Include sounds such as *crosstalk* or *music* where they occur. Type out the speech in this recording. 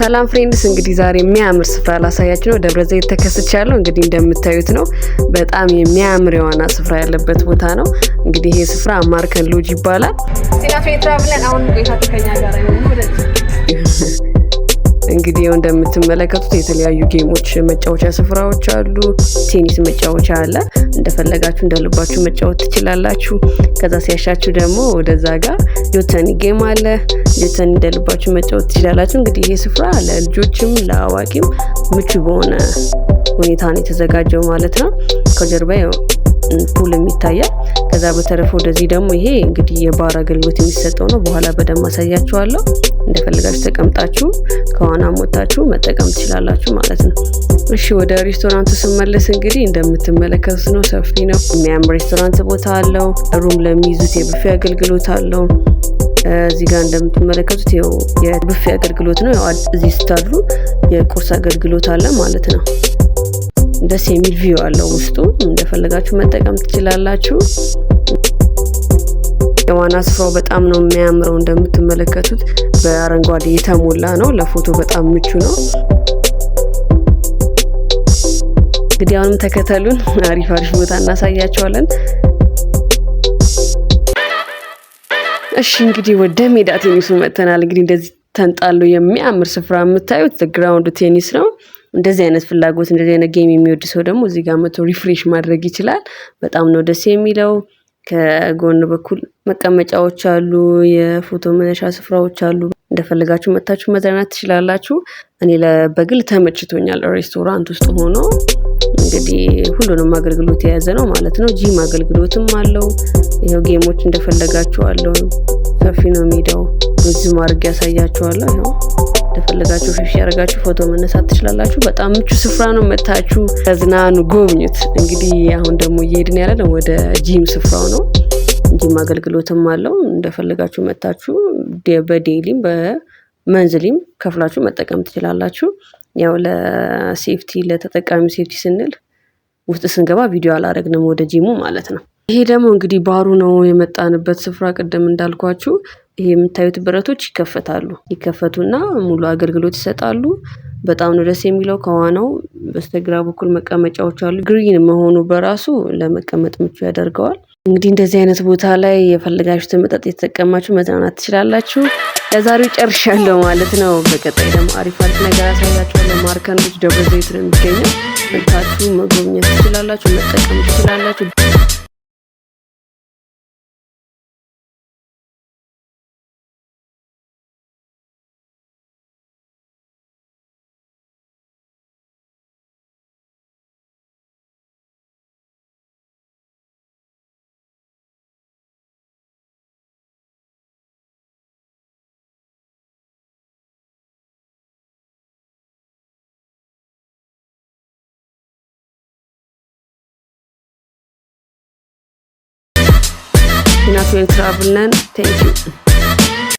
ሰላም ፍሬንድስ እንግዲህ ዛሬ የሚያምር ስፍራ ላሳያችሁ ነው። ደብረ ዘይት ተከስቻ ያለው እንግዲህ እንደምታዩት ነው። በጣም የሚያምር የዋና ስፍራ ያለበት ቦታ ነው። እንግዲህ ይሄ ስፍራ ማርከን ሎጅ ይባላል። ሲናፍሬ ትራቭለን አሁን ቤታ ትከኛ ጋር ወደ እንግዲህ ያው እንደምትመለከቱት የተለያዩ ጌሞች መጫወቻ ስፍራዎች አሉ። ቴኒስ መጫወቻ አለ። እንደፈለጋችሁ እንደልባችሁ መጫወት ትችላላችሁ። ከዛ ሲያሻችሁ ደግሞ ወደዛ ጋር ጆተኒ ጌም አለ። ጆተኒ እንደልባችሁ መጫወት ትችላላችሁ። እንግዲህ ይሄ ስፍራ ለልጆችም ለአዋቂም ምቹ በሆነ ሁኔታ ነው የተዘጋጀው ማለት ነው። ከጀርባ ፑልም ይታያል። ከዛ በተረፈ ወደዚህ ደግሞ ይሄ እንግዲህ የባር አገልግሎት የሚሰጠው ነው። በኋላ በደንብ አሳያችኋለሁ። እንደፈለጋችሁ ተቀምጣችሁ ከዋና ሞታችሁ መጠቀም ትችላላችሁ ማለት ነው። እሺ ወደ ሬስቶራንቱ ስመለስ እንግዲህ እንደምትመለከቱት ነው። ሰፊ ነው። የሚያም ሬስቶራንት ቦታ አለው። ሩም ለሚይዙት የብፌ አገልግሎት አለው። እዚህ ጋር እንደምትመለከቱት የብፌ አገልግሎት ነው። እዚህ ስታድሩ የቁርስ አገልግሎት አለ ማለት ነው። ደስ የሚል ቪው አለው ውስጡ። እንደፈለጋችሁ መጠቀም ትችላላችሁ። የዋና ስፍራው በጣም ነው የሚያምረው። እንደምትመለከቱት በአረንጓዴ የተሞላ ነው። ለፎቶ በጣም ምቹ ነው። እንግዲህ አሁንም ተከተሉን። *laughs* አሪፍ አሪፍ ቦታ እናሳያቸዋለን። እሺ እንግዲህ ወደ ሜዳ ቴኒሱ መጥተናል። እንግዲህ እንደዚህ ተንጣሎ የሚያምር ስፍራ የምታዩት ግራውንድ ቴኒስ ነው። እንደዚህ አይነት ፍላጎት እንደዚህ አይነት ጌም የሚወድ ሰው ደግሞ እዚህ ጋር መቶ ሪፍሬሽ ማድረግ ይችላል። በጣም ነው ደስ የሚለው። ከጎን በኩል መቀመጫዎች አሉ፣ የፎቶ መነሻ ስፍራዎች አሉ። እንደፈለጋችሁ መታችሁ መዝናናት ትችላላችሁ። እኔ በግል ተመችቶኛል። ሬስቶራንት ውስጥ ሆኖ እንግዲህ ሁሉንም አገልግሎት የያዘ ነው ማለት ነው። ጂም አገልግሎትም አለው። ይኸው ጌሞች እንደፈለጋችሁ አለው። ሰፊ ነው ሜዳው ብዙ ማድረግ ያሳያችኋለሁ። እንደፈለጋችሁ ፊሽ ያደርጋችሁ ፎቶ መነሳት ትችላላችሁ። በጣም ምቹ ስፍራ ነው። መታችሁ ተዝናኑ፣ ጎብኙት። እንግዲህ አሁን ደግሞ እየሄድን ያለ ወደ ጂም ስፍራው ነው። ጂም አገልግሎትም አለው። እንደፈለጋችሁ መታችሁ በዴይሊም በመንዝሊም ከፍላችሁ መጠቀም ትችላላችሁ። ያው ለሴፍቲ ለተጠቃሚ ሴፍቲ ስንል ውስጥ ስንገባ ቪዲዮ አላደረግንም ወደ ጂሙ ማለት ነው። ይሄ ደግሞ እንግዲህ ባሩ ነው የመጣንበት ስፍራ ቅድም እንዳልኳችሁ ይሄ የምታዩት ብረቶች ይከፈታሉ። ይከፈቱና ሙሉ አገልግሎት ይሰጣሉ። በጣም ነው ደስ የሚለው። ከዋናው በስተግራ በኩል መቀመጫዎች አሉ። ግሪን መሆኑ በራሱ ለመቀመጥ ምቹ ያደርገዋል። እንግዲህ እንደዚህ አይነት ቦታ ላይ የፈለጋችሁትን መጠጥ የተጠቀማችሁ መዝናናት ትችላላችሁ። ለዛሬው ጨርሻለሁ ማለት ነው። በቀጣይ ደግሞ አሪፍ አሪፍ ነገር አሳያችኋለሁ። ማርከን ልጅ ደብረ ዘይት ነው የሚገኘው። መታችሁ መጎብኘት ትችላላችሁ፣ መጠቀም ትችላላችሁ። ፊናቱ ኤርትራ ብነን ቴንኪዩ